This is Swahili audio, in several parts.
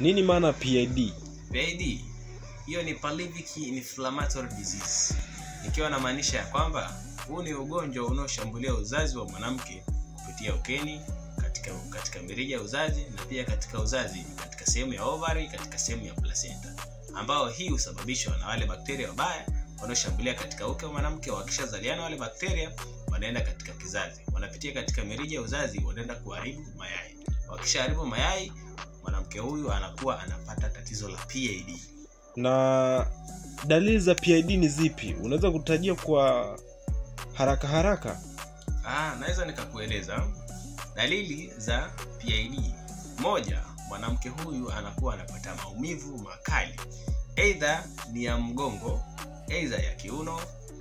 nini maana pid pid hiyo ni palvic inflammatory disease ikiwa na maanisha ya kwamba huu ni ugonjwa unaoshambulia uzazi wa mwanamke kupitia ukeni katika, katika mirija ya uzazi na pia katika uzazi katika sehemu ya ovary katika sehemu ya placenta ambao hii husababishwa na wale bakteria wabaya wanaoshambulia katika uke wa mwanamke wakishazaliana wale bakteria wanaenda katika kizazi wanapitia katika mirija ya uzazi wanaenda kuharibu mayai wakishaharibu mayai mwanamke huyu anakuwa anapata tatizo la pid na dalili za pid ni zipi unaweza kutajia kwa haraka haraka ah, naweza nikakueleza dalili za pid moja mwanamke huyu anakuwa anapata maumivu makali eidha ni ya mgongo eidha ya kiuno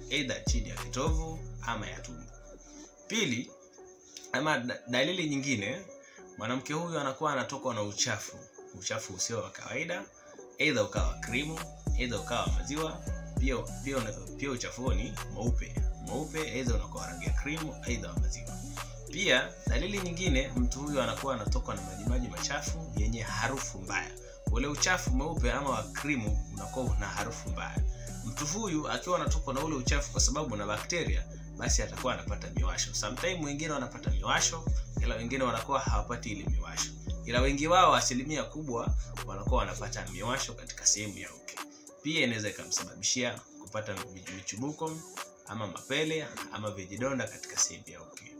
eidha chini ya kitovu ama ya tumbo pili ama dalili nyingine mwanamke huyu anakuwa anatokwa na uchafu uchafu usio wa kawaida eidha ukawa krimu eidha ukawa maziwa pia, pia, pia uchafu huo ni mweupe mweupe aidha unakuwa rangi ya krimu aidha wa maziwa pia dalili nyingine mtu huyu anakuwa anatokwa na majimaji machafu yenye harufu mbaya ule uchafu mweupe ama wa krimu unakuwa una harufu mbaya mtu huyu akiwa anatokwa na ule uchafu kwa sababu na bakteria basi atakuwa anapata miwasho sometime wengine wanapata miwasho ila wengine wanakuwa hawapati ile miwasho ila wengi wao asilimia kubwa wanakuwa wanapata miwasho katika sehemu ya uke pia inaweza ikamsababishia kupata michubuko ama mapele ama vijidonda katika sehemu ya uke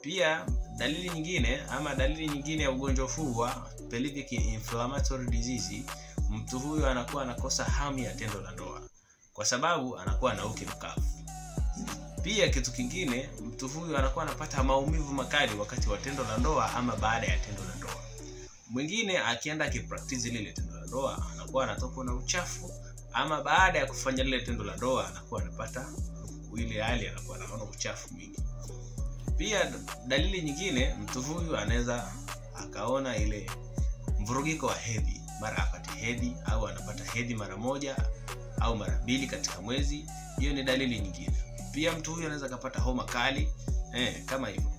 pia dalili nyingine ama dalili nyingine ya ugonjwa huu wa pelvic inflammatory disease mtu huyu anakuwa anakosa hamu ya tendo la ndoa kwa sababu anakuwa na uke mkavu pia kitu kingine mtu huyu anakuwa anapata maumivu makali wakati wa tendo la ndoa ama baada ya tendo la ndoa mwingine akienda akipraktizi lile tendo la ndoa anakuwa anatokwa na uchafu ama baada ya kufanya lile tendo la ndoa anakuwa anapata ile hali anakuwa anaona uchafu mwingi pia dalili nyingine mtu huyu anaweza akaona ile mvurugiko wa hedhi mara apate hedhi au anapata hedhi mara moja au mara mbili katika mwezi hiyo ni dalili nyingine pia mtu huyu anaweza akapata homa kali eh, kama hivyo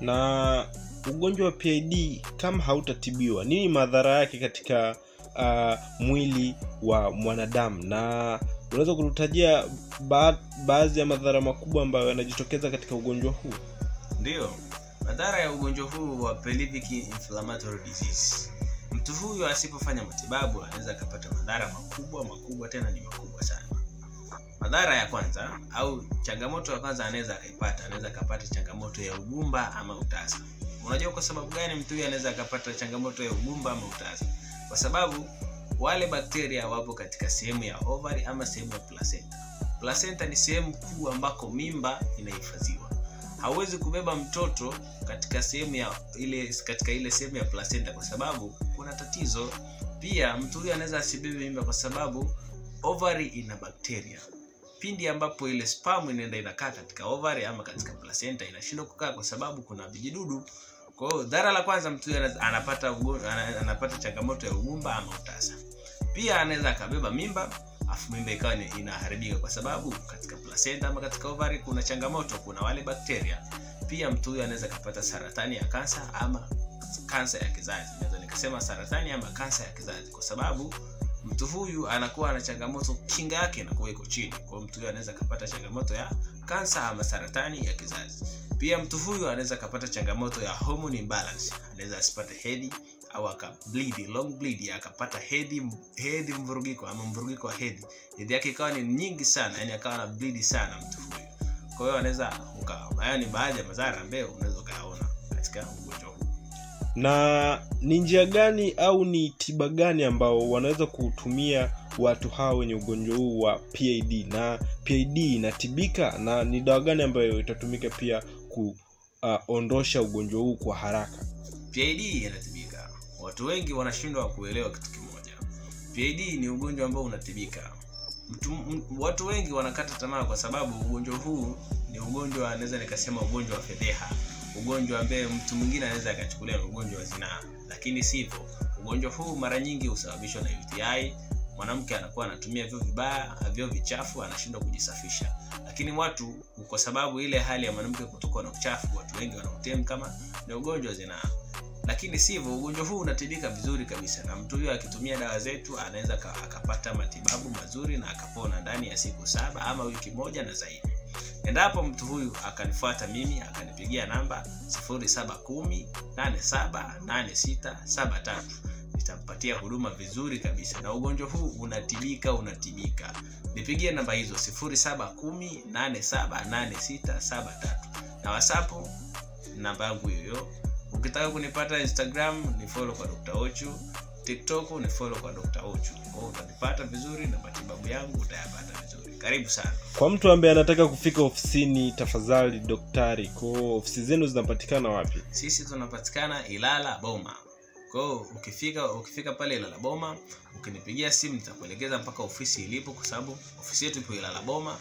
na ugonjwa wa pid kama hautatibiwa nini madhara yake katika uh, mwili wa mwanadamu na unaweza kututajia ba- baadhi ya madhara makubwa ambayo yanajitokeza katika ugonjwa huu ndiyo madhara ya ugonjwa huu wa pelvic inflammatory disease mtu huyu asipofanya matibabu anaweza akapata madhara makubwa makubwa tena ni makubwa sana madhara ya kwanza au changamoto ya kwanza anaweza akaipata anaweza akapata changamoto ya ugumba ama utasa unajua kwa sababu gani mtu huyu anaweza akapata changamoto ya ugumba ama utasa kwa sababu wale bakteria wapo katika sehemu ya ovary ama sehemu ya placenta placenta ni sehemu kuu ambako mimba inahifadhiwa hauwezi kubeba mtoto katika sehemu ya ile katika ile sehemu ya placenta kwa sababu kuna tatizo pia mtu huyu anaweza asibebe mimba kwa sababu ovary ina bakteria pindi ambapo ile sperm inaenda inakaa katika ovary ama katika placenta inashindwa kukaa kwa sababu kuna vijidudu. Kwa hiyo dhara la kwanza mtu anapata ugonjwa, anapata changamoto ya ugumba ama utasa. Pia anaweza akabeba mimba afu mimba ikawa inaharibika kwa sababu katika placenta ama katika ovary kuna changamoto, kuna wale bakteria. Pia mtu huyo anaweza kupata saratani ya kansa ama kansa ya kizazi, naweza nikasema saratani ama kansa ya kizazi kwa sababu mtu huyu anakuwa na changamoto kinga yake inakuwa iko chini kwa mtu huyu anaweza akapata changamoto ya kansa ama saratani ya kizazi pia mtu huyu anaweza akapata changamoto ya hormone imbalance anaweza asipate hedi au akableed long bleed akapata hedi hedi mvurugiko ama mvurugiko wa hedi hedi yake ikawa ni nyingi sana yani akawa na bleed sana mtu huyu kwa hiyo anaweza haya ni baadhi ya madhara ambayo unaweza ukayaona katika na ni njia gani au ni tiba gani ambao wanaweza kutumia watu hawa wenye ugonjwa huu wa pid na pid inatibika na ni dawa gani ambayo itatumika pia kuondosha uh, ugonjwa huu kwa haraka pid inatibika watu wengi wanashindwa kuelewa kitu kimoja pid ni ugonjwa ambao unatibika Mtu, m, watu wengi wanakata tamaa kwa sababu ugonjwa huu ni ugonjwa naweza nikasema ugonjwa wa fedheha ugonjwa ambaye mtu mwingine anaweza akachukulia ni ugonjwa wa zinaa, lakini sivyo. Ugonjwa huu mara nyingi husababishwa na UTI. Mwanamke anakuwa anatumia vyo vibaya, vyo vichafu, anashindwa kujisafisha. Lakini watu kwa sababu ile hali ya mwanamke kutokwa na uchafu, watu wengi wanautem kama ni ugonjwa wa zinaa lakini sivyo ugonjwa huu unatibika vizuri kabisa na mtu huyo akitumia dawa zetu anaweza akapata matibabu mazuri na akapona ndani ya siku saba ama wiki moja na zaidi endapo mtu huyu akanifuata mimi akanipigia namba 710878673 nitampatia huduma vizuri kabisa na ugonjwa huu unatibika unatibika nipigie namba hizo 710878673 na wasapu namba yangu hiyo ukitaka kunipata instagram ni follow kwa dr ochu tiktok ni follow kwa dr uchu kwao utanipata vizuri na matibabu yangu utayapata vizuri karibu sana kwa mtu ambaye anataka kufika ofisini tafadhali doktari kwao ofisi zenu zinapatikana wapi sisi tunapatikana ilala boma kwao ukifika ukifika pale ilala boma ukinipigia simu nitakuelekeza mpaka ofisi ilipo kwa sababu ofisi yetu ipo ilala boma